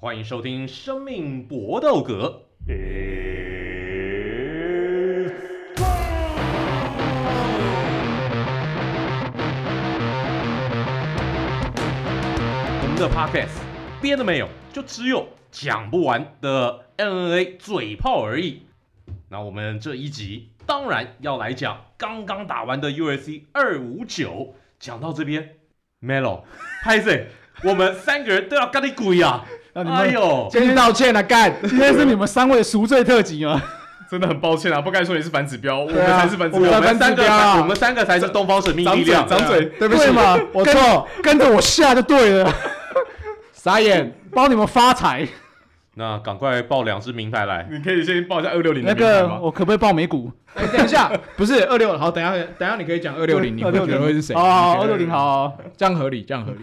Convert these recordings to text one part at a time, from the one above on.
歡迎收聽《生命搏鬥格》。我們的 podcast 邊都沒有，就只有講不完的 N N A 嘴炮而已。那我們這一集當然要來講剛剛打完的 U S C 二五九。講到這邊，Melo l、w a c 我們三個人都要跟你滾呀！哎呦，今天道歉了，幹！今天是你們三位贖罪特輯啊！真的很抱歉啊，不該說你是反指標，我們才是反指標。我們三個，我們三個才是東方神秘力量。張嘴，張嘴，對不起嘛，我錯，跟着我下就對了。傻眼，包你們發財。那趕快報兩隻名牌來，你可以先報一下二六零。那個，我可不可以報美股？哎，等一下，不是二六，好，等下，等下，你可以講二六零，你覺得會是誰啊？二六零，好，這樣合理，這樣合理。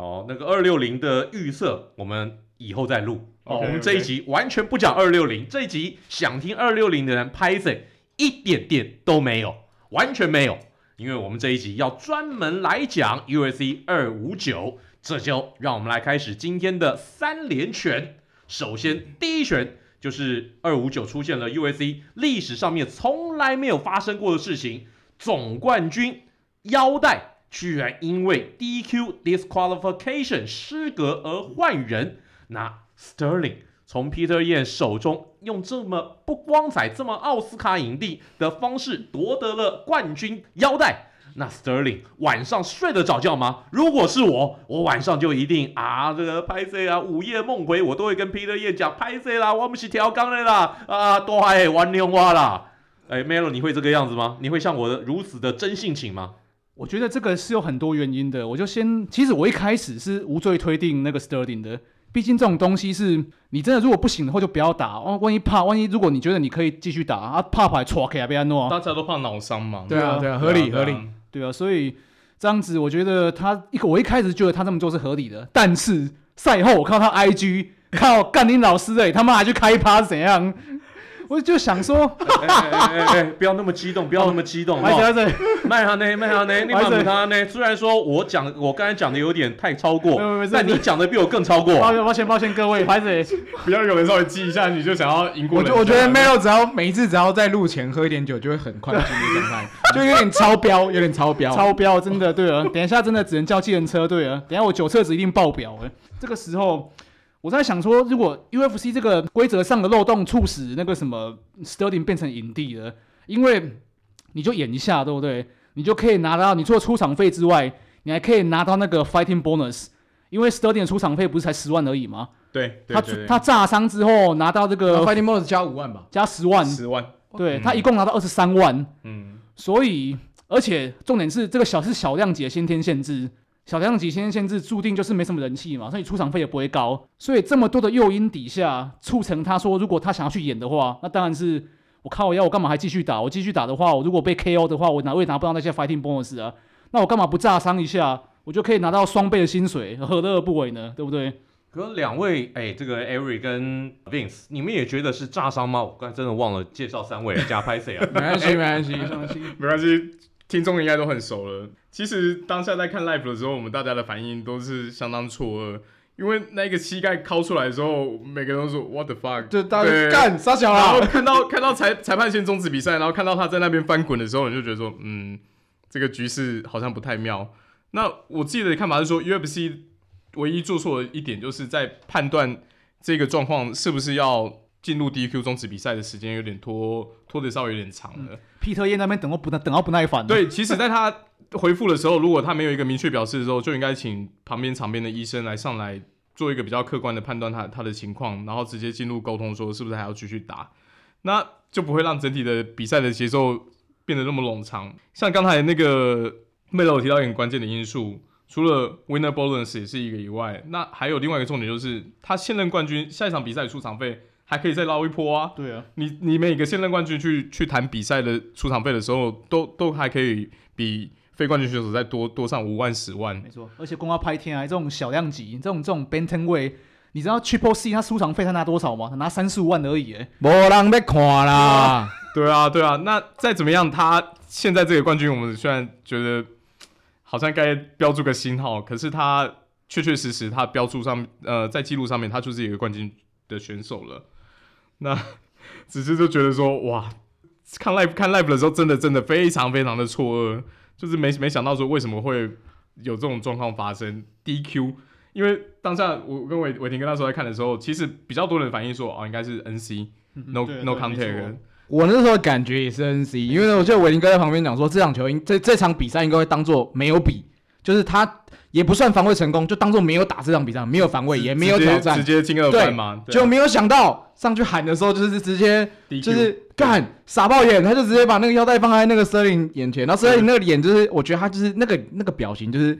哦，那個二六零的預設，我們以後再錄。Okay, 哦，我們這一集完全不講二六零，這一集想聽二六零的人拍 n 一點點都沒有，完全沒有。因為我們這一集要專門來講 U S C 二五九，這就讓我們來開始今天的三連拳。首先第一拳就是二五九出現了 U S C 歷史上面從來沒有發生過的事情，總冠軍腰帶。居然因為 DQ disqualification 失格而換人，那 Sterling 從 Peter Yan 手中用這麼不光彩、這麼奧斯卡影帝的方式奪得了冠軍腰帶，那 Sterling 晚上睡得着覺嗎？如果是我，我晚上就一定啊，這個拍謝啊，午夜夢回，我都會跟 Peter Yan 講拍謝啦，我們去調缸的啦，啊，多嗨玩尿花啦，哎，Melo 你會這個樣子嗎？你會像我如此的真性情嗎？我覺得這個是有很多原因的，我就先，其實我一開始是無罪推定那個 Sterling 的，畢竟這種東西是你真的如果不行的話就不要打，萬、哦、萬一怕萬一，如果你覺得你可以繼續打啊怕牌錯開啊被安諾，大家都怕腦傷嘛對、啊對啊，對啊對啊合理合理，對啊，所以這樣子我覺得他一我一開始覺得他這麼做是合理的，但是賽後我靠他 IG 靠幹林老師哎、欸、他媽還去開趴怎樣？我就想說，哎哎哎，不要那麼激動，不要那麼激動。麥先生，麥哈呢？麥哈呢？你罵沒他呢？雖然說我講，我剛才講的有點太超過，但你講的比我更超過。抱歉，抱歉，抱歉，各位，麥子，不要有人稍微激一下，你就想要贏過我。我覺得，我覺得，Melo 只要每一次只要在路前喝一點酒，就會很亢奮的狀態，就有點超標，有點超標，超標，真的，對了，等一下真的只能叫計程車，對了，等一下我酒測值一定爆表了，這個時候。我在想說，如果 UFC 這個規則上的漏洞促使那個什麼 Sterling 變成影帝了，因為你就演一下，對不對？你就可以拿到你除了出場費之外，你還可以拿到那個 fighting bonus，因為 Sterling 出場費不是才十萬而已嗎？對，對他對對對他詐傷之後拿到這個 fighting bonus 加五萬吧，加十萬，十萬，對、嗯、他一共拿到二十三萬，嗯，所以而且重點是這個小是小量級的先天限制。小量級先天限制注定就是沒什麼人氣嘛，所以出場費也不會高。所以這麼多的誘因底下，促成他說，如果他想要去演的話，那當然是，我靠，我要我幹嘛還繼續打？我繼續打的話，我如果被 KO 的話，我哪位拿不到那些 fighting bonus 啊？那我幹嘛不炸傷一下？我就可以拿到雙倍的薪水，何樂不為呢？對不對？可是兩位，哎、欸，這個 Ariel 跟 Vince，你們也覺得是炸傷嗎？我剛才真的忘了介紹三位了，加拍誰啊、 欸沒關係，沒關係， 沒關係，沒關係。聽眾應該都很熟了。其實當下在看 Live 的時候，我們大家的反應都是相當錯愕，因為那個膝蓋摳出來的時候，每個人都說 “What the fuck”！就大家幹殺對小啦。然後看到看到裁裁判先終止比賽，然後看到他在那邊翻滾的時候，你就覺得說：“嗯，這個局勢好像不太妙。”那我自己的看法是說，UFC 唯一做錯的一點就是在判斷這個狀況是不是要。進入 DQ 中止比賽的時間有點拖，拖得稍微有點長了。嗯、皮特耶那邊等我不，不等到不耐煩。對，其實，在他回復的時候， 如果他沒有一個明確表示的時候，就應該請旁邊場邊的醫生來上來做一個比較客觀的判斷，他他的情況，然後直接進入溝通，說是不是還要繼續打，那就不會讓整體的比賽的節奏變得那麼冗長。像剛才那個 Melo 提到一個很關鍵的因素，除了 Winner Bonus 也是一個以外，那還有另外一個重點就是，他現任冠軍下一場比賽出場費。還可以再撈一波啊！對啊，你你每個現任冠軍去去談比賽的出場費的時候，都都還可以比非冠軍選手再多多上五萬十萬。10萬沒錯，而且光要拍片啊，這種小量級，這種這種 Bantamweight，你知道 Triple C 他出場費他拿多少嗎？他拿三四萬而已哎。沒人來看啦。對啊, 對啊,對啊，那再怎麼樣，他現在這個冠軍，我們雖然覺得好像該標注個星號，可是他確確實實他標注上呃在記錄上面，他就是一個冠軍的選手了。那只是就覺得說，哇，看 live 看 live 的時候，真的真的非常非常的錯愕，就是沒沒想到說為什麼會有這種狀況發生。DQ，因為當下我跟偉偉霆哥那時候在看的時候，其實比較多人反映說，哦，應該是 NC，no no contact 人。No contact. 沒錯。我那時候的感覺也是 NC，因為呢我覺得偉霆哥在旁邊講說，這場球應這這場比賽應該會當做沒有比，就是他。也不算防衛成功，就當做沒有打這場比賽，沒有防衛，也沒有挑戰，直接進二番嗎？對對就沒有想到上去喊的時候，就是直接 DQ，就是幹對傻爆眼，他就直接把那個腰帶放在那個 Sterling 眼前，然後 Sterling 那個臉就是，嗯、我覺得他就是那個那個表情就是。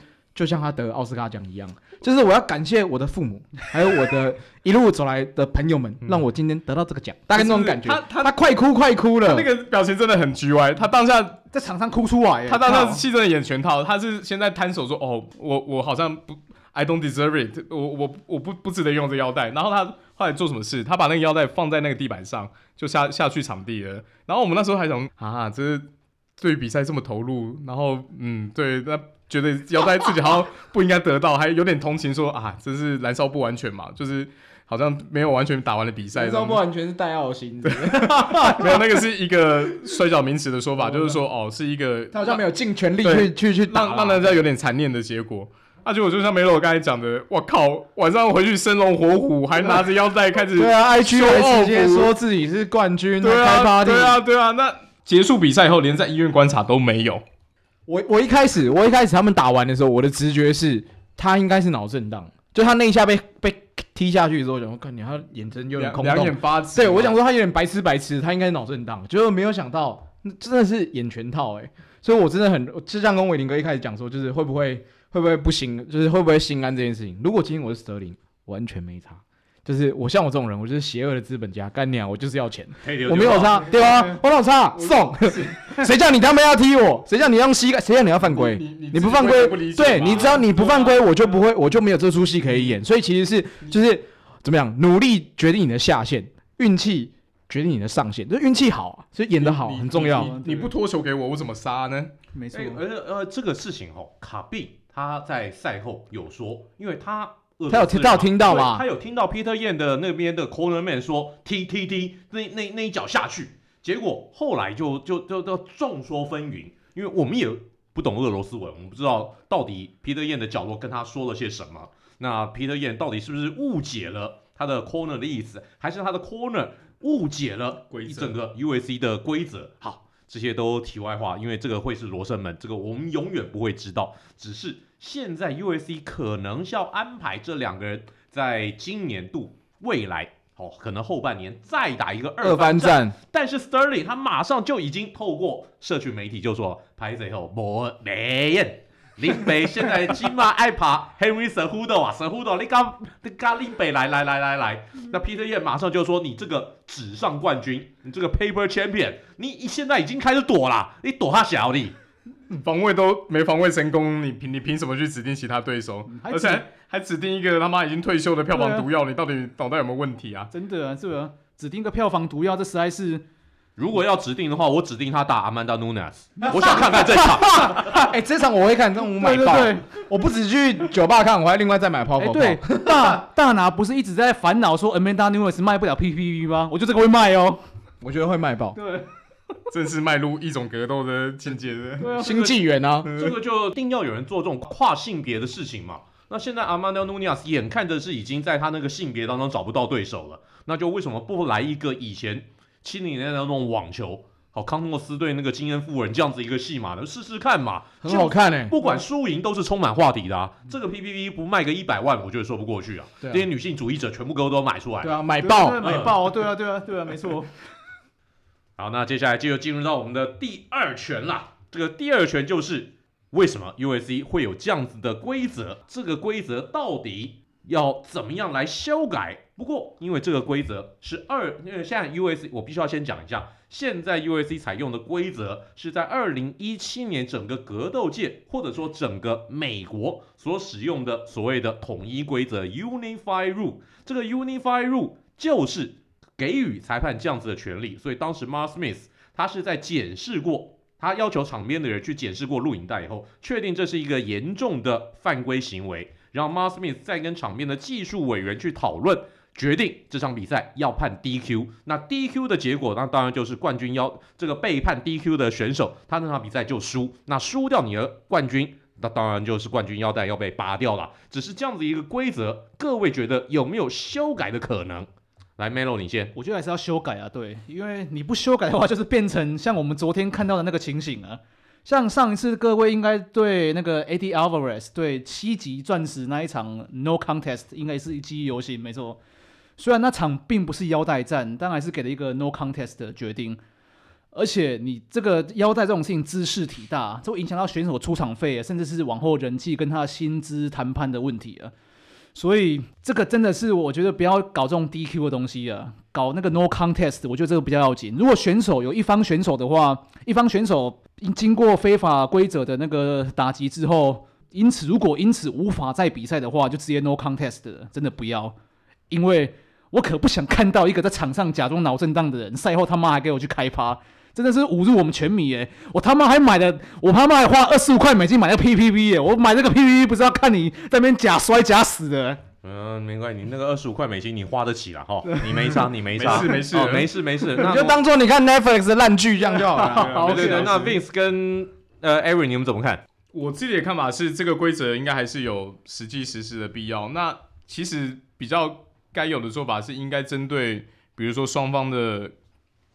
就像他得奧斯卡獎一樣，就是我要感謝我的父母，還有我的一路走來的朋友們， 讓我今天得到這個獎，嗯、大概那種感覺。他他，他快哭快哭了，他那個表情真的很 G Y。他當下在場上哭出來，他當下戲真的演全套。啊、他是先在攤手說：“哦，我我好像不，I don't deserve it，我我我不不值得用這腰帶。”然後他後來做什麼事？他把那個腰帶放在那個地板上，就下下去場地了。然後我們那時候還想啊，這是對於比賽這麼投入，然後嗯，對那。覺得腰帶自己好像不應該得到，還有點同情，說啊，這是燃燒不完全嘛，就是好像沒有完全打完的比賽。燃燒不完全是帶傲心，沒有那個是一個摔角名詞的說法，就是說哦，是一個他好像沒有盡全力去去去，讓讓大家有點殘念的結果。那結果就像梅羅剛才講的，我靠，晚上回去生龍活虎，還拿着腰帶開始對啊，IG 直接說自己是冠軍，開啊，對啊對啊，那結束比賽以後連在醫院觀察都沒有。我我一開始，我一開始他們打完的時候，我的直覺是他應該是腦震盪，就他那一下被被踢下去的時候，我想我靠，看你他眼睛就兩有點發直，對我想說他有點白痴白痴，他應該是腦震盪，就是沒有想到，那真的是演全套哎、欸，所以我真的很就像跟偉林哥一開始講說，就是會不會會不會不行，就是會不會心安這件事情，如果今天我是 Sterling，完全沒差。就是我像我這種人，我就是邪惡的資本家幹娘，我就是要錢，hey, 我沒有殺，對吧？我沒有殺我送，誰 叫你他媽要踢我？誰叫你要膝蓋？誰叫，叫你要犯規？你，你，你不犯規，對，你只要你不犯規，我就不會，啊、我就沒有這出戲可以演。所以其實是就是怎麼樣，努力決定你的下限，運氣決定你的上限。這運氣好啊，所以演得好你很重要、啊。你不托球給我，我怎麼殺呢？沒錯錯，而且、欸、呃，呃，呃，這個事情哈、哦，卡比他在賽後有說，因為他。他有聽到聽到嗎？他有聽到 Peter Yan 的那邊的 Cornerman 說 T T T 那那那一腳下去，結果後來就就就就眾說紛紜，因為我們也不懂俄羅斯文，我們不知道到底 Peter Yan 的角落跟他說了些什麼。那 Peter Yan 到底是不是誤解了他的 Corner 的意思，還是他的 Corner 誤解了規則？整個 UFC 的規則則好。這些都題外話，因為這個會是羅生門，這個我們永遠不會知道。只是現在 UFC 可能要安排這兩個人在今年度，未來，好、哦，可能後半年再打一個二，戰二番戰。但是 Sterling 他馬上就已經透過社群媒體就說，拍嘴後沒人。」 林北現在起碼愛爬，Harrison 虎鬥啊，虎鬥，你剛你剛林北來 來來來來，那 Petr Yan 馬上就說，你這個紙上冠軍，你這個 Paper Champion，你現在已經開始躲啦、啊，你躲他小弟，防衛都沒防衛成功，你，你憑你憑什麼去指定其他對手，嗯、而且還，還指定一個他媽已經退休的票房毒藥，啊、你到底腦袋有沒有問題啊？真的啊，這個、啊、指定個票房毒藥，這實在是。如果要指定的話，我指定他打 Amanda Nunes。我想看看這場，哎、 欸，這場我會看，但我買爆。 對對對對，我不止去酒吧看，我還另外再買爆爆爆。欸、對， 大大拿不是一直在煩惱說 Amanda Nunes 賣不了 PPV 嗎？我覺得這個會賣哦，我覺得會賣爆。對，真是邁入一種格鬥的境界了， 新紀元啊、這個！這個就一定要有人做這種跨性別的事情嘛。那現在 Amanda Nunes 眼看着是已經在他那個性別當中找不到對手了，那就為什麼不來一個以前？七零年代的那種網球，好康諾斯對那個金恩夫人這樣子一個戲碼的試試看嘛，很好看嘞、欸。不管輸贏都是充滿話題的、啊。嗯、這個 P P V 不賣個一百萬，我覺得說不過去啊。對啊這些女性主義者全部都都買出來，對啊，買爆，買爆，對啊，對啊，喔嗯、對啊，啊啊啊、沒錯。 好，那接下來就進入到我們的第二拳啦。這個第二拳就是為什麼 U F C 會有這樣子的規則？這個規則到底要怎麼樣來修改？不過，因為這個規則是二，因為現在 UFC 我必須要先講一下，現在 UFC 採用的規則是在二零一七年整個格鬥界或者說整個美國所使用的所謂的統一規則 u n i f y Rule。這個 u n i f y Rule 就是給予裁判這樣子的權利，所以當時 Mark Smith 他是在檢視過，他要求場邊的人去檢視過錄影帶以後，確定這是一個嚴重的犯規行為，然後 Mark Smith 再跟場邊的技術委員去討論。決定這場比賽要判 DQ。那 DQ 的結果，那當然就是冠軍腰這個被判 DQ 的選手，他那場比賽就輸。那輸掉你的冠軍，那當然就是冠軍腰帶要被拔掉了。只是這樣子一個規則，各位覺得有沒有修改的可能？來，Melo 你先，我覺得還是要修改啊，對，因為你不修改的話，就是變成像我們昨天看到的那個情形啊，像上一次各位應該對那個 Eddie Alvarez 對七級鑽石那一場 No Contest，應該是記憶猶新，沒錯。雖然那場並不是腰帶戰，但還是給了一個 no contest 的決定。而且你這個腰帶這種事情，茲事體大，這會影響到選手出場費，甚至是往後人氣跟他的薪資談判的問題了。所以這個真的是我覺得不要搞這種 DQ 的東西啊，搞那個 no contest，我覺得這個比較要緊。如果選手有一方選手的話，一方選手經過非法規則的那個打擊之後，因此如果因此無法再比賽的話，就直接 no contest，真的不要，因為。我可不想看到一個在場上假裝腦震盪的人，賽後他媽還給我去開趴，真的是侮辱我們全迷耶！我他媽還買了，我他媽還花二十五塊美金買個 PPV 耶！我買這個 PPV 不是要看你在那邊假摔假死的？嗯、呃，明白。你那個二十五塊美金你花得起了哈？你沒差，你沒差，沒事、 哦、沒事，沒事，哦、沒事。那就當做你看 Netflix 的爛劇一樣就好。了、啊、 了。好的，那 Vince 跟呃 Evan 你們怎麼看？我自己的看法是，這個規則應該還是有實際實施的必要。那其實比較。該有的做法是應該針對，比如說雙方的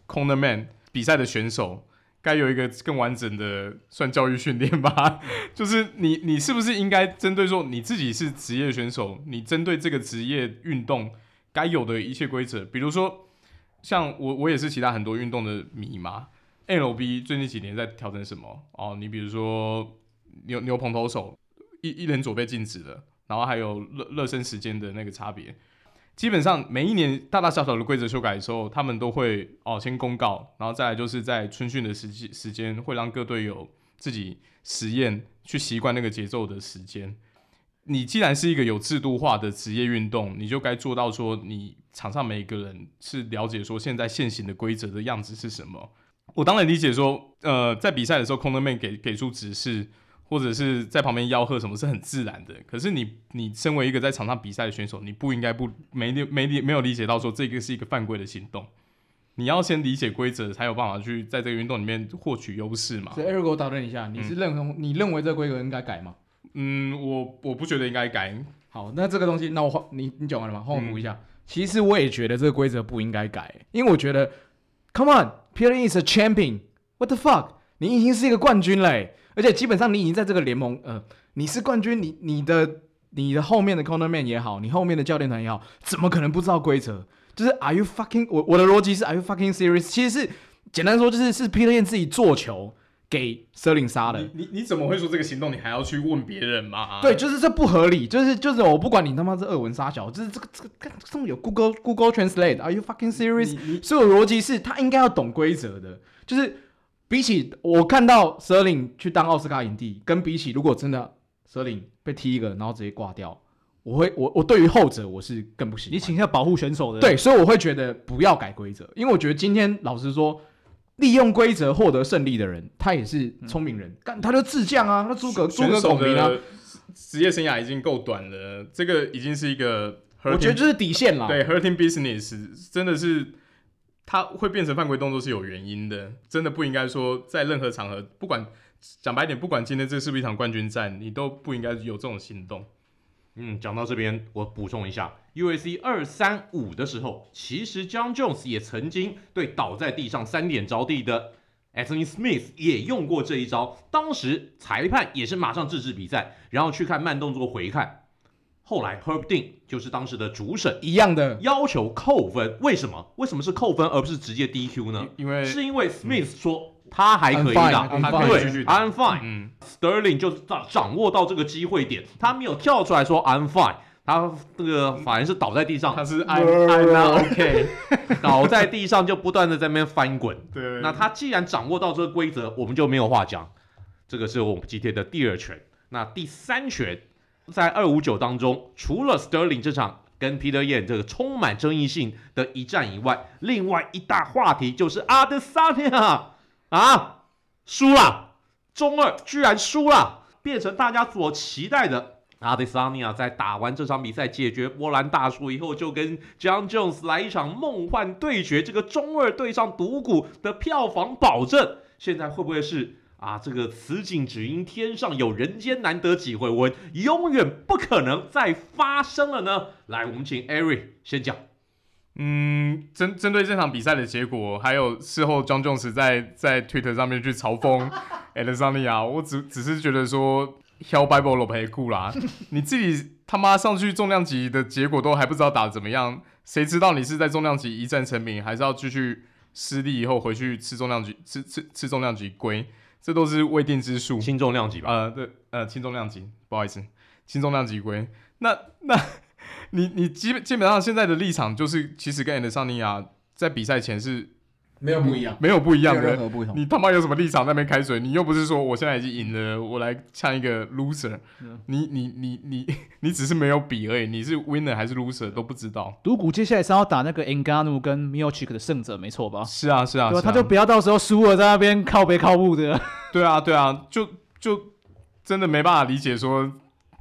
corner man 比賽的選手，該有一個更完整的算教育訓練吧。就是你你是不是應該針對說，你自己是職業選手，你針對這個職業運動該有的一切規則，比如說像我我也是其他很多運動的迷嘛。MLB 最近幾年在調整什麼？哦，你比如說牛牛棚投手一一人左被禁止了，然後還有熱熱身時間的那個差別。基本上每一年大大小小的規則修改的時候，他們都會哦先公告，然後再來就是在春訓的時期時間，會讓各隊友自己實驗去習慣那個節奏的時間。你既然是一個有制度化的職業運動，你就該做到說你場上每一個人是了解說現在現行的規則的樣子是什麼。我當然理解說，呃，在比賽的時候 corner、嗯、man 給給出指示。或者是在旁邊吆喝什麼是很自然的，可是你你身為一個在場上比賽的選手，你不應該不沒沒沒有理解到說這個是一個犯規的行動，你要先理解規則才有辦法去在這個運動裡面獲取優勢嘛。所以 Ergo，我打斷一下，你是認同、嗯、你認為這規則應該改嗎？嗯，我我不覺得應該改。好，那這個東西，那我你你講完了嗎？換我一下。嗯、其實我也覺得這個規則不應該改，因為我覺得，Come on，Petr Yan is a champion，What the fuck？你已經是一個冠軍嘞，欸,而且基本上你已經在這個聯盟，呃，你是冠軍，你你的你的後面的 cornerman 也好，你後面的教練團也好，怎麼可能不知道規則？就是 Are you fucking 我我的邏輯是 Are you fucking serious？其實是簡單說就是是 Petr Yan 自己做球給 Sterling 殺的。你你，你怎麼會說這個行動？你還要去問別人嗎？對，就是這不合理。就是就是我不管你他媽是俄文殺小，就是這個這個這麼有 Google Google Google Translate？Are you fucking serious？所以我的邏輯是他應該要懂規則的，就是。比起我看到 Sterling 去當奧斯卡影帝，跟，比起如果真的 Sterling 被踢一個，然後直接掛掉，我會我我對於後者我是更不行。你請一下保護選手的對，所以我會覺得不要改規則，因為我覺得今天老實說，利用規則獲得勝利的人，他也是聰明人，幹、嗯、他就自降啊。那諸葛諸葛孔明啊，職業生涯已經夠短了，這個已經是一個，我覺得這是底線了。對，hurting business 真的是。他會變成犯規動作是有原因的，真的不應該說在任何場合，不管講白點，不管今天這是不是一場冠軍戰，你都不應該有這種行動。嗯，講到這邊我補充一下，UFC 二三五的時候，其實 John Jones 也曾經對倒在地上三點着地的 Anthony Smith 也用過這一招，當時裁判也是馬上制止比賽，然後去看慢動作回看。後來 Herb Ding 就是當時的主審，一樣的要求扣分。為什麼？為什麼是扣分而不是直接 DQ 呢？因為是因為 Smith，嗯、說他還可以的，對，I'm fine。Sterling 就掌掌握到這個機會點，他沒有跳出來說 I'm fine，他那個反而是倒在地上，他是 I'm fine OK 倒在地上就不斷的在那邊翻滾。對，那他既然掌握到這個規則，我們就沒有話講。這個是我們今天的第二拳，那第三拳。在二五九當中，除了 Sterling 這場跟 Peter Yan 這個充滿爭議性的一戰以外，另外一大話題就是 Adesanya 啊，輸了，中二居然輸了，變成大家所期待的 Adesanya 在打完這場比賽解決波蘭大叔以後，就跟 John Jones 來一場夢幻對決，這個中二對上毒骨的票房保證，現在會不會是？啊，這個此景只應天上有人間難得幾回聞，永遠不可能再發生了呢。來，我們請艾瑞先講。嗯，針針對這場比賽的結果，還有事後 John Jones 在在 Twitter 上面去嘲諷艾倫桑尼啊，我只只是覺得說，Hell b i Bolle 陪顧啦，你自己他媽上去重量級的結果都還不知道打得怎麼樣，誰知道你是在重量級一戰成名，還是要繼續失利以後回去吃重量級吃吃吃重量級龜？這都是未定之數，輕重量級吧？呃，對，呃，輕重量級，不好意思，輕重量級歸。那那，你你基基本上現在的立場就是，其實跟阿德桑亞在比賽前是。沒有不一樣，沒有不一樣的。你他媽有什麼立場在那邊開水？你又不是說我現在已經贏了，我來嗆一個 loser。嗯。你你你你你只是沒有比而已，你是 winner 還是 loser 都不知道。毒骨接下來是要打那個 Ngannou 跟 Miocic 的勝者，沒錯吧？是啊是啊，他就不要到時候輸了在那邊靠北靠北的。對啊對啊，就就真的沒辦法理解說。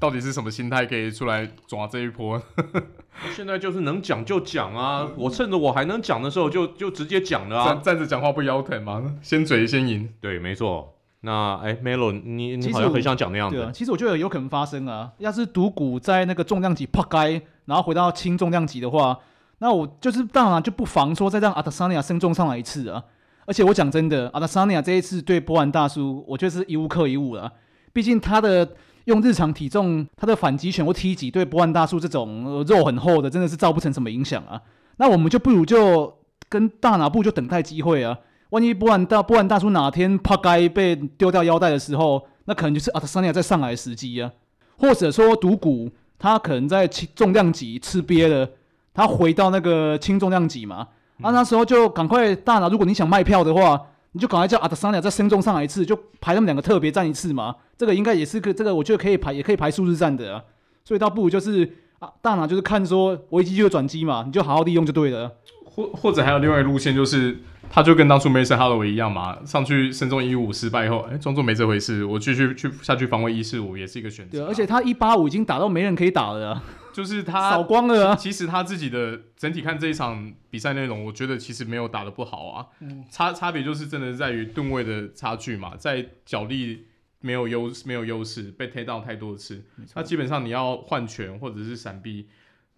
到底是什麼心態可以出來抓這一波？ 現在就是能講就講啊！嗯、我趁着我還能講的時候就，就就直接講了啊！站着講話不腰疼嗎？嗯、先嘴先贏，對，沒錯。那哎、欸、，Melo，你你好像很想講那樣子。對啊，其實我覺得有可能發生啊。要是毒骨在那個重量級撲街，然後回到輕重量級的話，那我就是當然就不妨說再讓阿德薩尼亞升重上來一次啊。而且我講真的，阿德薩尼亞這一次對波蘭大叔，我覺得是一物克一物了。畢竟他的。用日常體重，他的反擊拳或踢擊，對波萬大叔這種、呃、肉很厚的，真的是造不成什麼影響啊。那我們就不如就跟大拿部就等待機會啊。萬一波萬大波萬大叔哪天怕該被丟掉腰帶的時候，那可能就是阿特桑尼亞在上來的時機啊，或者說毒骨他可能在輕重量級吃癟了，他回到那個輕重量級嘛，那、嗯啊、那時候就趕快大拿。如果你想賣票的話。你就趕快叫阿德桑亞再升中上來一次，就排他們兩個特別戰一次嘛？這個應該也是個這個，我覺得可以排，也可以排數字戰的、啊。所以倒不如就是啊，大拿，就是看說危機就有轉機嘛，你就好好利用就對了。或或者還有另外一個路線，就是他就跟當初梅森哈羅威一樣嘛，上去升中一五失敗後，哎，裝作沒這回事，我繼續去下去防衛一四五，也是一個選擇、啊。而且他一八五已經打到沒人可以打了、啊。就是他掃光了，啊。其實他自己的整體看這一場比賽內容，我覺得其實沒有打得不好啊。嗯、差差別就是真的在於噸位的差距嘛，在腳力沒有優沒有優勢，被 take down 太多次。那錯基本上你要換拳或者是閃避，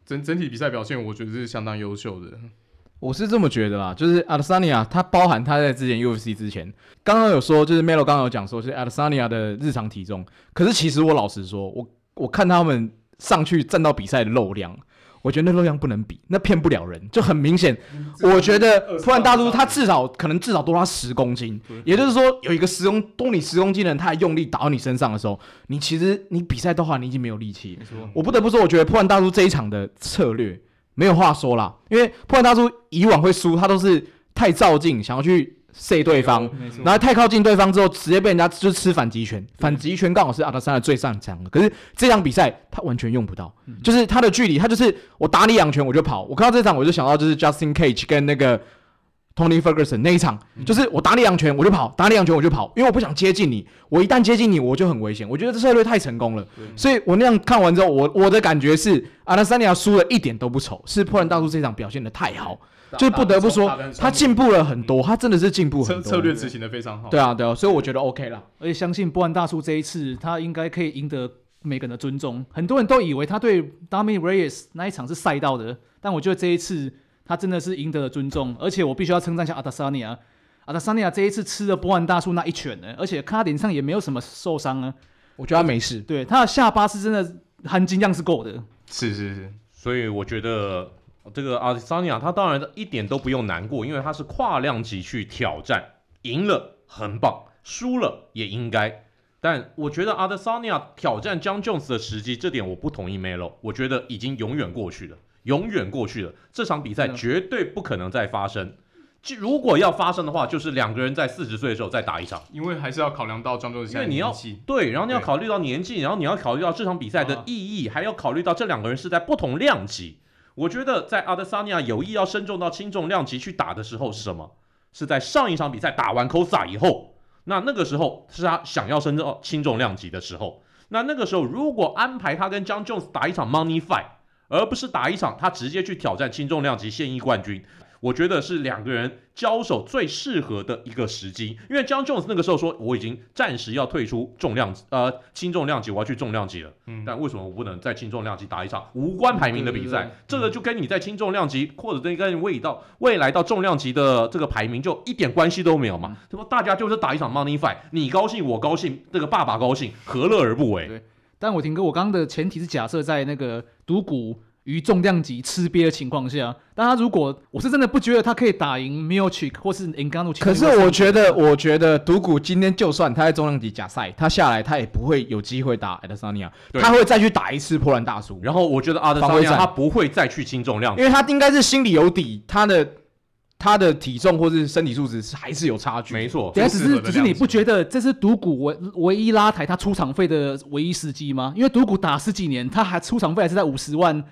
整整體比賽表現我覺得是相當優秀的。我是這麼覺得啦，就是阿薩尼亞他包含他在之前 UFC 之前剛剛有說，就是 Melo 剛剛有講說，是阿薩尼亞的日常體重。可是其實我老實說，我我看他們。上去佔到比賽的肉量，我覺得那肉量不能比，那騙不了人，就很明顯。嗯，我覺得破案大叔他至少可能至少多他十公斤，也就是說有一個十公多你十公斤的人，他還用力打到你身上的時候，你其實你比賽的話，你已經沒有力氣。沒錯，我不得不說，我覺得破案大叔這一場的策略沒有話說啦，因為破案大叔以往會輸，他都是太躁進想要去。say 對，對方，然後太靠近對方之後，直接被人家就吃反擊拳。對反擊拳剛好是阿德桑亞的最擅長的，可是這場比賽他完全用不到，嗯、就是他的距離，他就是我打你兩拳我就跑。我看到這場，我就想到就是 Justin Cage 跟那個 Tony Ferguson 那一場，嗯、就是我打你兩拳我就跑，打你兩拳我就跑，因為我不想接近你，我一旦接近你我就很危險。我覺得這策略太成功了，對所以我那樣看完之後，我我的感覺是阿德桑亞輸的一點都不醜，是波蘭大叔這場表現得太好。打就不得不說，他進步了很多，嗯、他真的是進步了、嗯、策略執行的非常好。對啊，對啊，所以我覺得 OK 啦，而且相信波蘭大叔這一次他應該可以贏得每個人的尊重。很多人都以為他對 Dami Reyes 那一場是賽道的，但我覺得這一次他真的是贏得了尊重，而且我必須要稱讚一下阿達桑尼亞，阿達桑尼亞這一次吃了波蘭大叔那一拳呢，而且他臉上也沒有什麼受傷啊，我覺得他沒事。對，他的下巴是真的含金量是夠的，是是是，所以我覺得。這個阿德桑尼亞他當然一點都不用難過，因為他是跨量級去挑戰，贏了很棒，輸了也應該。但我覺得阿德桑尼亞挑戰 Jon Jones 的時機，這點我不同意。Melo，我覺得已經永遠過去了，永遠過去了。這場比賽絕對不可能再發生。就、嗯、如果要發生的話，就是兩個人在四十歲的時候再打一場。因為還是要考量到 Jon Jones 現在年紀，因為你要對，然後你要考慮到年紀，對然後你要考慮到這場比賽的意義，啊、還要考慮到這兩個人是在不同量級。我覺得在阿德薩尼亞有意要升重到輕重量級去打的時候，是什麼？是在上一場比賽打完 Costa 以後，那那個時候是他想要升到輕重量級的時候。那那個時候如果安排他跟 Jon Jones 打一場 Money Fight，而不是打一場他直接去挑戰輕重量級現役冠軍。我覺得是兩個人交手最適合的一個時機，因為 John Jones 那個時候說，我已經暫時要退出重量呃輕重量級，我要去重量級了。嗯、但為什麼我不能在輕重量級打一場無關排名的比賽？對對對，這個就跟你在輕重量級、嗯、或者跟未到未來到重量級的這個排名就一點關係都沒有嘛？這不、嗯、大家就是打一場 Money Fight，你高興我高興，這、那個爸爸高興，何樂而不為？對，但我聽哥我剛，剛的前提是假設在那個毒骨。於重量級吃癟的情況下，但他如果我是真的不覺得他可以打贏 m i l c h i k 或是 e n g a n u 可是我覺得，話我覺得毒谷今天就算他在重量級假賽，他下來他也不會有機會打 Adesanya，對他會再去打一次破爛大叔。然後我覺得阿德桑尼 a 他不會再去輕重量級，因為他應該是心裡有底，他的他的體重或是身體素質是還是有差距。沒錯錯，只是只是你不覺得這是毒谷唯唯一拉抬他出場費的唯一時機嗎？因為毒谷打十幾年，他還出場費還是在五十萬。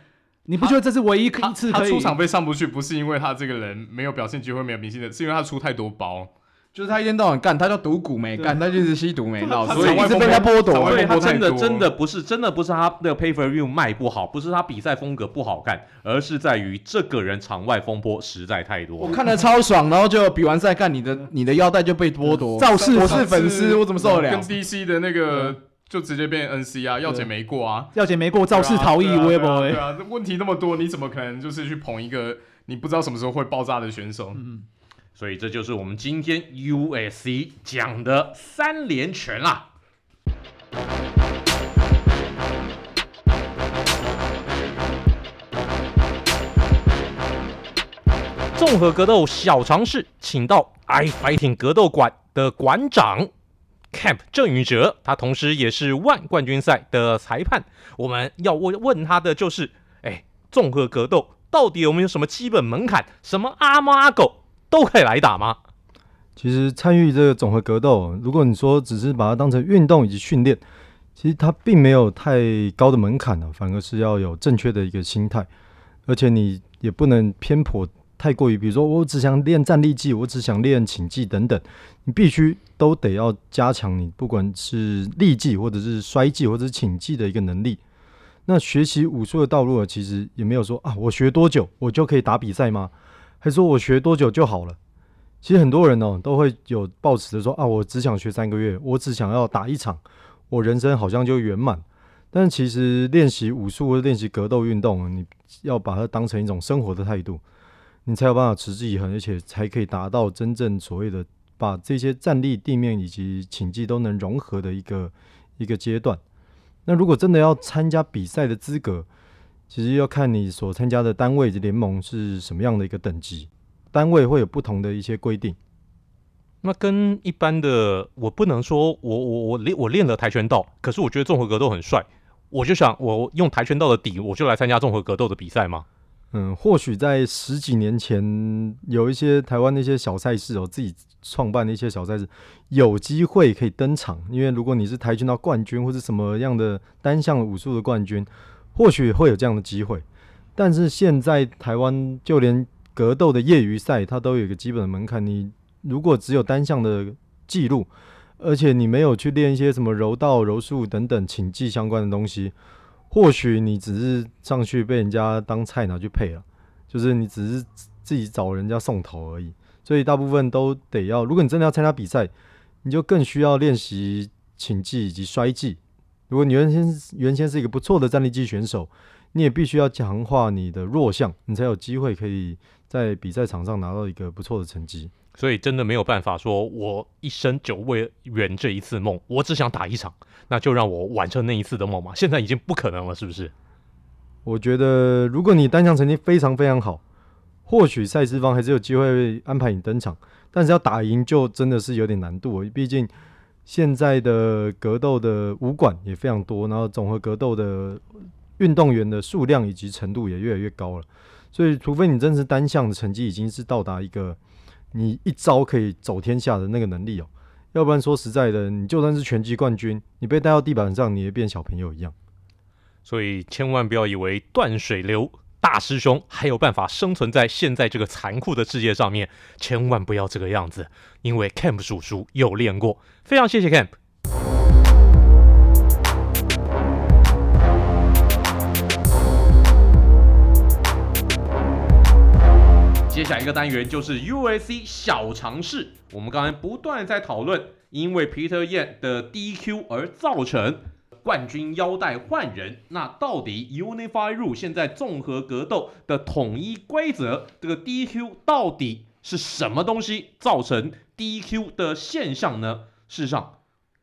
你不覺得這是唯一一次他他？他出場費上不去，不是因為他這個人沒有表現機會、沒有明星的，是因為他出太多包，就是他一天到晚幹，他叫毒骨沒幹，他就是對吸毒沒鬧，所以是被他剝奪。對他真的多真的不是真的不是他的 pay for view 賣不好，不是他比賽風格不好看，而是在於這個人場外風波實在太多。我看得超爽，然後就比完賽看你的你的腰帶就被剝奪、 嗯，造勢我是粉絲，嗯、我，我怎麼受得了？跟 D C 的那個。嗯就直接變 NC 啊，對藥檢沒過啊，藥檢沒過，肇事逃逸，微博哎，對啊，這、啊啊啊啊、 問題那麼多，你怎麼可能就是去捧一個你不知道什麼時候會爆炸的選手？嗯、所以這就是我們今天 UFC 講的三連拳啦。綜合格鬥小常識，請到 iFighting 格鬥館的館長。Kemp 鄭宇哲，他同時也是 ONE 冠軍賽的裁判。我們要問問他的就是：哎，綜合格鬥到底有沒有什麼基本門檻？什麼阿貓阿狗都可以來打嗎？其實參與這個綜合格鬥，如果你說只是把它當成運動以及訓練，其實它並沒有太高的門檻呢，反而是要有正確的一個心態，而且你也不能偏頗。太過於，比如說，我只想練站立技，我只想練寢技等等，你必須都得要加強你不管是立技或者是摔技或者是寢技的一個能力。那學習武術的道路其實也沒有說啊，我學多久我就可以打比賽嗎？還是說我學多久就好了？其實很多人哦都會有抱持著說啊，我只想學三個月，我只想要打一場，我人生好像就圓滿。但是其實練習武術或者練習格鬥運動，你要把它當成一種生活的態度。你才有辦法持之以恆，而且才可以達到真正所謂的把這些站立地面以及擒技都能融合的一個一個階段。那如果真的要參加比賽的資格，其實要看你所參加的單位、聯盟是什麼樣的一個等級，單位會有不同的一些規定。那跟一般的，我不能說我我我練我練了跆拳道，可是我覺得綜合格鬥很帥，我就想我用跆拳道的底，我就來參加綜合格鬥的比賽嗎？嗯，或許在十幾年前，有一些台灣那些小賽事、哦，有自己創辦的一些小賽事，有機會可以登場。因為如果你是跆拳道冠軍，或者什麼樣的單項武術的冠軍，或許會有這樣的機會。但是現在台灣就連格鬥的業餘賽，它都有一個基本的門檻。你如果只有單項的記錄，而且你沒有去練一些什麼柔道、柔術等等，寢技相關的東西，或許你只是上去被人家當菜拿去配了。啊，就是你只是自己找人家送頭而已。所以大部分都得要，如果你真的要參加比賽，你就更需要練習擒技，以及摔技。如果你原先原先是一個不錯的站立技選手，你也必須要強化你的弱項，你才有機會可以在比賽場上拿到一個不錯的成績。所以真的沒有辦法說，我一生就為圓這一次夢，我只想打一場，那就讓我完成那一次的夢嘛。現在已經不可能了，是不是？我覺得，如果你單項成績非常非常好，或許賽事方還是有機會安排你登場，但是要打贏就真的是有點難度。畢竟現在的格鬥的武館也非常多，然後綜合格鬥的運動員的數量以及程度也越來越高了。所以，除非你真是單項的成績已經是到達一個。你一招可以走天下的那個能力哦，要不然說實在的，你就算是拳擊冠軍，你被帶到地板上，你也變小朋友一樣。所以千萬不要以為斷水流大師兄還有辦法生存在現在這個殘酷的世界上面，千萬不要這個樣子，因為 Kemp 叔叔有練過，非常謝謝 Kemp。下一個單元就是 UFC 小常識。我們剛才不斷在討論，因為 Peter 皮特·燕的 DQ 而造成冠軍腰帶換人。那到底 Unified Rule 現在綜合格鬥的統一規則，這個 DQ 到底是什麼東西造成 DQ 的現象呢？事實上，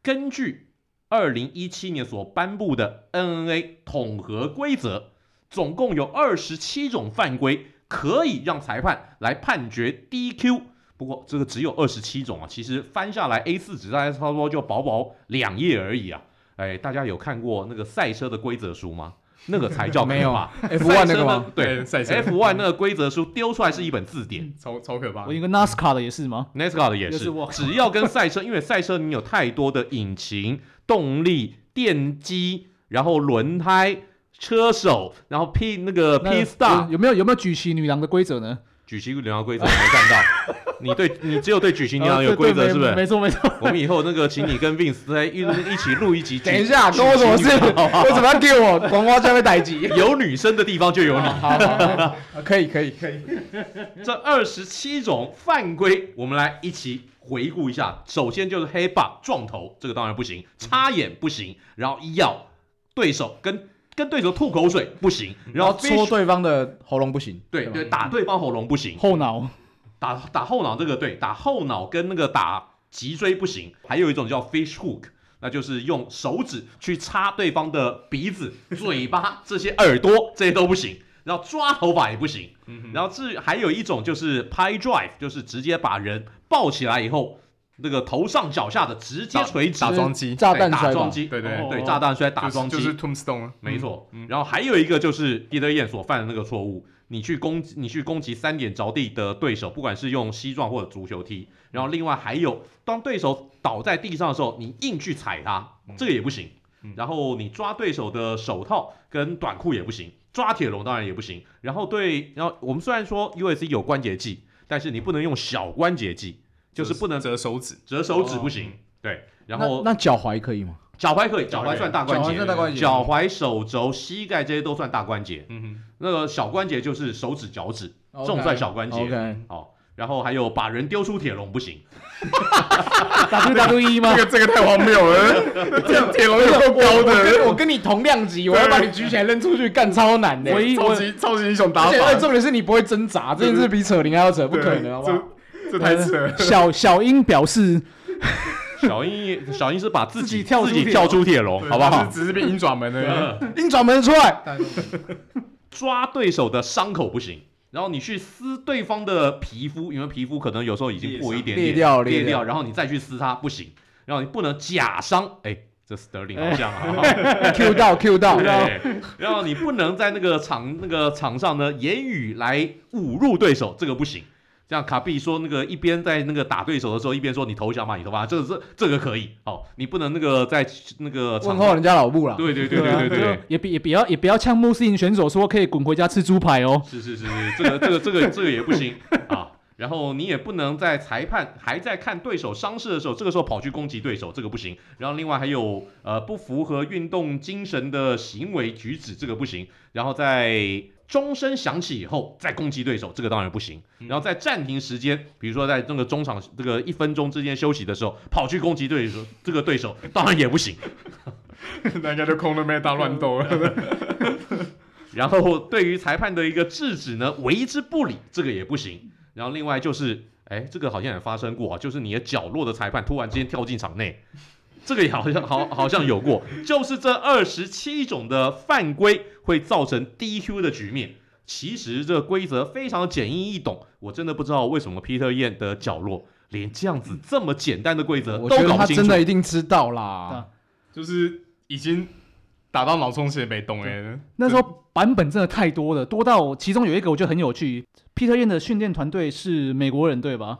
根據二零一七年所頒布的 MMA 統合規則，總共有二十七種犯規。可以讓裁判來判決 DQ，不過這個只有二十七種啊。其實翻下來 A4 紙，大概差不多就薄薄兩頁而已啊。哎，大家有看過那個賽車的規則書嗎？那個才叫沒有啊。F1 那個嗎？對，賽車 F1 那個規則書丟出來是一本字典，嗯、超超可怕。我應該 NASCAR 的也是嗎？NASCAR 的也是，啊、也是 只要跟賽車，因為賽車你有太多的引擎、動力、電機，然後輪胎。車手，然後 P 那個 P Star 有沒有有沒有舉旗女郎的規則呢？舉旗女郎規則沒看到，你對，你只有對舉旗女郎有規則是不是？沒錯沒錯。我們以後那個，請你跟 Vince 在一起錄一集。等一下，關我什麼事？為什麼要給我？黃花在會逮集。有女生的地方就有你。可以可以可以。這二十七種犯規，我們來一起回顧一下。首先就是黑霸撞頭，這個當然不行，插眼不行，然後咬對手跟。跟對手吐口水不行，然後，fish, 然後戳對方的喉嚨不行，對對，對，打對方喉嚨不行，後腦打打後腦這個對，打後腦跟那個打脊椎不行，還有一種叫 fish hook，那就是用手指去插對方的鼻子、嘴巴 這些耳朵，這些都不行，然後抓頭髮也不行，然後至於還有一種就是 pile drive，就是直接把人抱起來以後。那個頭上腳下的直接垂直打樁機炸彈對打樁機炸彈，對對、哦、對，炸彈摔打樁機就是、就是、Tombstone，沒錯。嗯嗯、然後還有一個就是彼得揚所犯的那個錯誤，你去攻擊你去攻擊三點着地的對手，不管是用膝撞或者足球踢。然後另外還有，當對手倒在地上的時候，你硬去踩他，這個也不行。嗯嗯、然後你抓對手的手套跟短褲也不行，抓鐵籠當然也不行。然後對，然後我們雖然說 UFC 有關節技，但是你不能用小關節技。就是不能折手指，折手指不行。對，然後那腳踝可以嗎？腳踝可以，腳踝算大關節。腳踝手肘、膝蓋這些都算大關節。嗯哼。那個小關節就是手指、腳趾，這種算小關節。OK。好，然後還有把人丟出鐵籠不行。哈哈 WWE 嗎？這個這個太荒謬了。這樣鐵籠又夠高的。我跟你同量級，我要把你舉起來扔出去，幹超難的。超級超級英雄打法。最重點是你不會掙扎，這件事比扯鈴還要扯，不可能，好嗎？這太扯！小小鷹表示，小鷹小鷹是把自己跳出跳出鐵籠，好不好？只是被鷹爪門的鷹爪門出來抓對手的傷口不行，然後你去撕對方的皮膚，因為皮膚可能有時候已經破一點點裂掉裂掉，然後你再去撕它不行，然後你不能假傷，哎，這 Sterling 好像 Q 到 Q 到，然後你不能在那個場那個場上呢言語來侮辱對手，這個不行。像卡比說那個一邊在那個打對手的時候，一邊說你投降吧，你投吧，這是這個可以。好，你不能那個在那個問候人家老母啦。對對對對對對，也別也,也不要也不要嗆穆斯林選手說可以滾回家吃豬排哦。是是是是，這個這個這個這個也不行 啊。然後你也不能在裁判還在看對手傷勢的時候，這個時候跑去攻擊對手，這個不行。然後另外還有呃不符合運動精神的行為舉止，這個不行。然後在鐘聲響起以後再攻擊對手，這個當然不行。然後在暫停時間，比如說在這個中場這個一分鐘之間休息的時候，跑去攻擊對手 這個對手，當然也不行。 大家都空了沒大亂鬥了。 然後對於裁判的一個制止呢，為之不理，這個也不行。然後另外就是，哎，這個好像也發生過啊，就是你的角落的裁判突然之間跳進場內。這個也好像好，好像有過， 就是這二十七種的犯規會造成 DQ 的局面。其實這個規則非常簡易易懂，我真的不知道為什麼皮特燕的角落連這樣子這麼簡單的規則都搞不清楚。我覺得他真的一定知道啦，啊、就是已經打到腦充血沒懂哎。對的那時候版本真的太多了，多到其中有一個我覺得很有趣，皮特燕的訓練團隊是美國人對吧？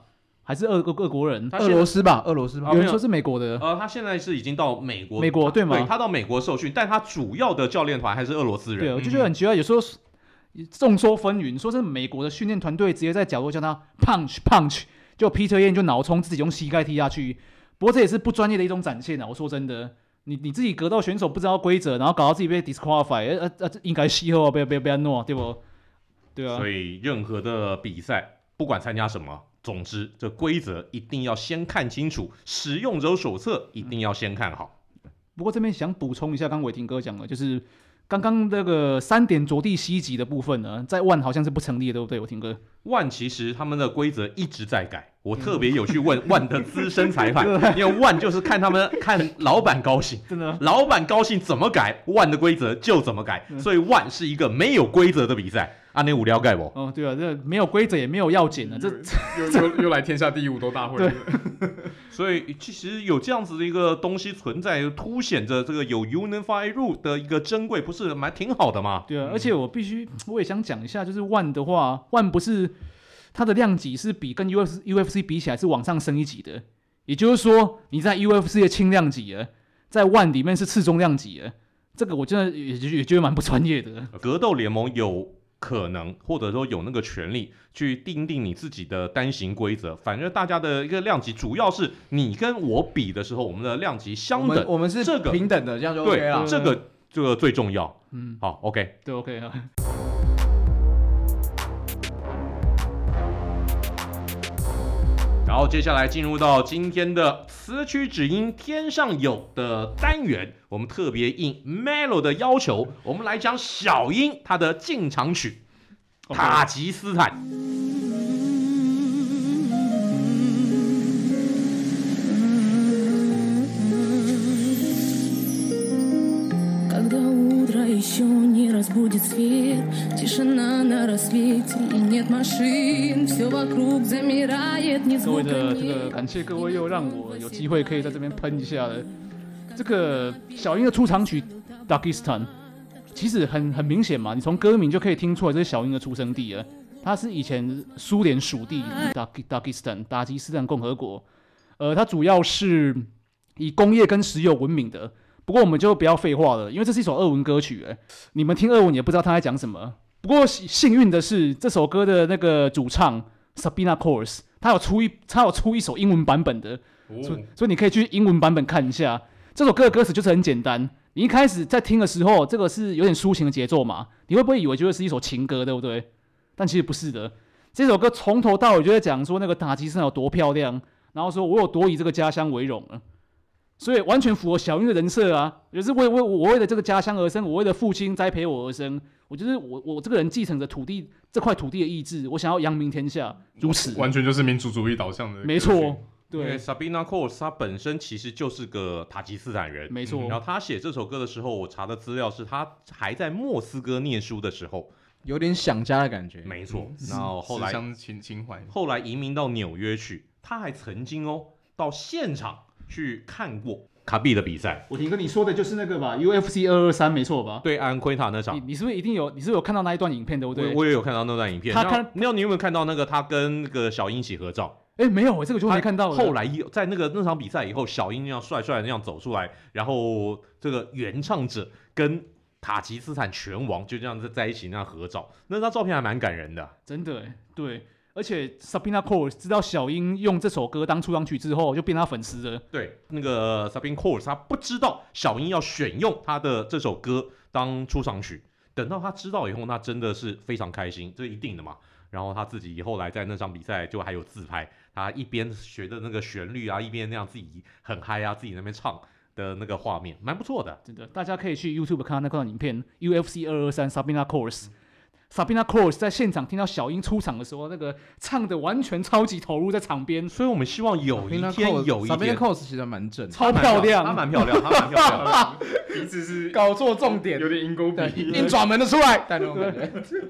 還是俄俄俄國人，他俄羅斯吧，俄羅斯吧。哦、有人說是美國的，呃，他現在是已經到美國，美國，對嗎？對，他到美國受訓，但他主要的教練團還是俄羅斯人。對，我就覺得很奇怪，嗯、哼有時候眾說紛紜，說是美國的訓練團隊直接在角落叫他 punch punch，就 Peter Yan 就腦充自己用膝蓋踢下去。不過這也是不專業的一種展現啊！我說真的，你你自己格鬥選手不知道規則，然後搞到自己被 disqualify 呃呃呃，應該是以後，不要不要不要弄，對不？對啊。所以任何的比賽，不管參加什麼。總之，這規則一定要先看清楚，使用者手冊一定要先看好。嗯、不過這邊想補充一下，剛剛偉霆哥講的，就是剛剛那個三點着地膝擊的部分呢，在 ONE 好像是不成立的，對不對，偉霆哥？萬其實他們的規則一直在改，我特別有去問萬的資深裁判，嗯、因為萬就是看他們看老板高興，真的，老板高興怎麼改萬的規則就怎麼改，嗯、所以萬是一個沒有規則的比賽，啊你無條蓋不？哦，對啊，這沒有規則也沒有要緊的，啊，這又又又來天下第一武鬥大會了，對 所以其實有這樣子的一個東西存在，凸顯着這個有 Unified Rule 的一個珍貴，不是蠻挺好的嗎？對啊，而且我必須我也想講一下，就是萬的話，萬不是。它的量級是比跟 U F U F C 比起來是往上升一級的，也就是說你在 U F C 的輕量級了，在 ONE 裡面是次中量級了，這個我真的也就也覺得蠻不專業的。格鬥聯盟有可能或者說有那個權利去訂定你自己的單行規則，反正大家的一個量級主要是你跟我比的時候，我們的量級相等我，我們是這個平等的，這個、這樣就、OK、啊對啊了。這個這個最重要，嗯好，好，OK，對，OK、啊然後接下來進入到今天的此曲只應天上有的單元，我們特別應 Melo 的要求，我們來講小鷹她的進場曲《達吉斯坦》。Okay. 各位的這個感謝，各位又讓我有機會可以在這邊噴一下了。這個小鷹的出場曲 Dagestan，其實很很明顯嘛，你從歌名就可以聽出來這是小鷹的出生地了。它是以前蘇聯屬地 Dag Dagestan，達吉斯坦共和國。呃，它主要是以工業跟石油聞名的。不過我們就不要廢話了，因為這是一首俄文歌曲，欸，哎，你們聽俄文也不知道他在講什麼。不過幸運的是，這首歌的那個主唱 Sabina Kors，他有出一他有出一首英文版本的，哦，所以你可以去英文版本看一下。這首歌的歌詞就是很簡單，你一開始在聽的時候，這個是有點抒情的節奏嘛，你會不會以為就是一首情歌，對不對？但其實不是的，這首歌從頭到尾就在講說那個達吉斯坦有多漂亮，然後說我有多以這個家鄉為榮。所以完全符合小鷹的人設啊，就是為為我為了這個家鄉而生，我為了父親栽培我而生，我就是我我這個人繼承着土地這塊土地的意志，我想要揚名天下，如此完全就是民族主，主義導向的，沒錯，對。Sabina Koss 他本身其實就是個塔吉斯坦人，沒錯錯、嗯。然後他寫這首歌的時候，我查的資料是他還在莫斯科念書的時候，有點想家的感覺，沒錯。然後後來情懷，後來移民到紐約去，他還曾經哦、喔、到現場。去看過卡比的比賽，我聽跟你說的就是那個吧 ，UFC 223，沒錯吧？對，安奎塔那場你，你是不是一定有？你是不是有看到那一段影片的，對不對？我也有看到那段影片。他看，那後後你有沒有看到那個他跟那個小鷹一起合照？哎，沒有，我這個就還沒看到的。後來在那個那場比賽以後，小鷹那樣帥帥那樣走出來，然後這個原唱者跟塔吉斯坦拳王就這樣在在一起那樣合照，那張照片還蠻感人的，真的哎，對。而且 Sabina Chors 知道小鷹用這首歌當出場曲之後，就變她粉絲了。對，那個 Sabina Chors 她不知道小鷹要選用他的這首歌當出場曲，等到他知道以後，那真的是非常開心，這一定的嘛。然後他自己後來在那場比賽就還有自拍，他一邊學的那個旋律啊，一邊那樣自己很嗨啊，自己在那邊唱的那個畫面蠻不錯的，真的，大家可以去 YouTube 看那段影片，UFC 二二三 Sabina Chors。Sabina Cross 在現場聽到小英出場的時候，那個唱的完全超級投入在場邊，所以我們希望有一天有一天，Sabina Cross，有一天 Sabina Cross 其實蠻正的，漂超漂亮，漂亮，他蠻漂亮， 他蠻漂亮，只是搞錯重點， 有點鷹鉤鼻，鷹轉門的出來， 但那種感覺。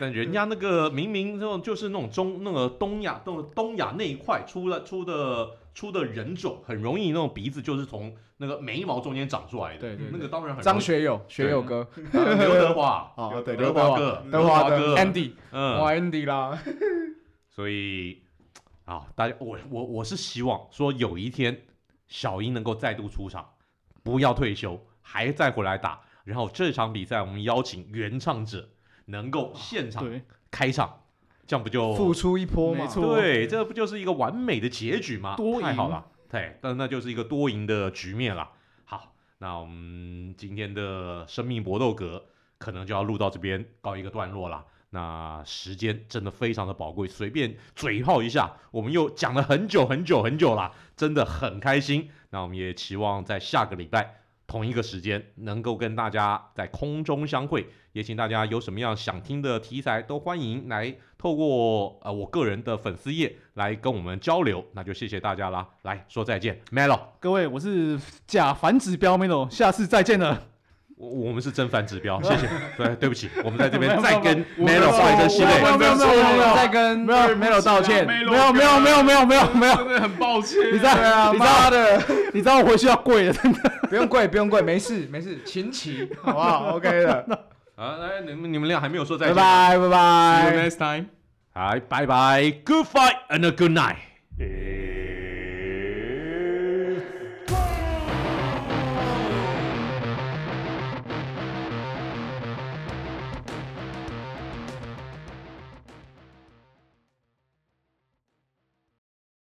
但人家那個明明這種就是那種中那個東亞東東亞那一塊出了出的。出的人種很容易，那種鼻子就是從那個眉毛中間長出來的。對，對，對，那個當然很。張學友、對學友哥，劉德華啊，對，劉 德華華好哥，德華哥，Andy，嗯。哇，Andy 啦。 所以啊，大家，我我我是希望說，有一天小英能夠再度出場，不要退休，還再回來打。然後這場比賽，我們邀請原唱者能夠現場開場。對這樣不就付出一波嗎？沒錯 對，這不就是一個完美的結局嗎？多贏贏太好了，太，但那就是一個多贏的局面了。好，那我們今天的生命搏鬥格可能就要錄到這邊告一個段落了。那時間真的非常的寶貴，隨便嘴炮一下，我們又講了很久很久很久了，真的很開心。那我們也期望在下個禮拜。同一個時間能夠跟大家在空中相會，也請大家有什麼樣想聽的題材都歡迎來透過呃我個人的粉絲頁來跟我們交流，那就謝謝大家啦，來說再見，Melo，各位我是假反指標 Melo，下次再見了。我們是真反指標，謝謝。對，對不起，我們在這邊再跟 Melo 畫一根細線，沒有沒有沒有，再跟沒有 Melo 道歉，沒有沒有沒有沒有沒有，真的很抱歉。你知道？媽的，你知道我回去要跪的，真的。不用跪，不用跪，沒事沒事，請起好不好？OK 了。好，來，你們你們倆還沒有說再見，拜拜拜拜，See you next time。好，拜拜，Good fight and a good night。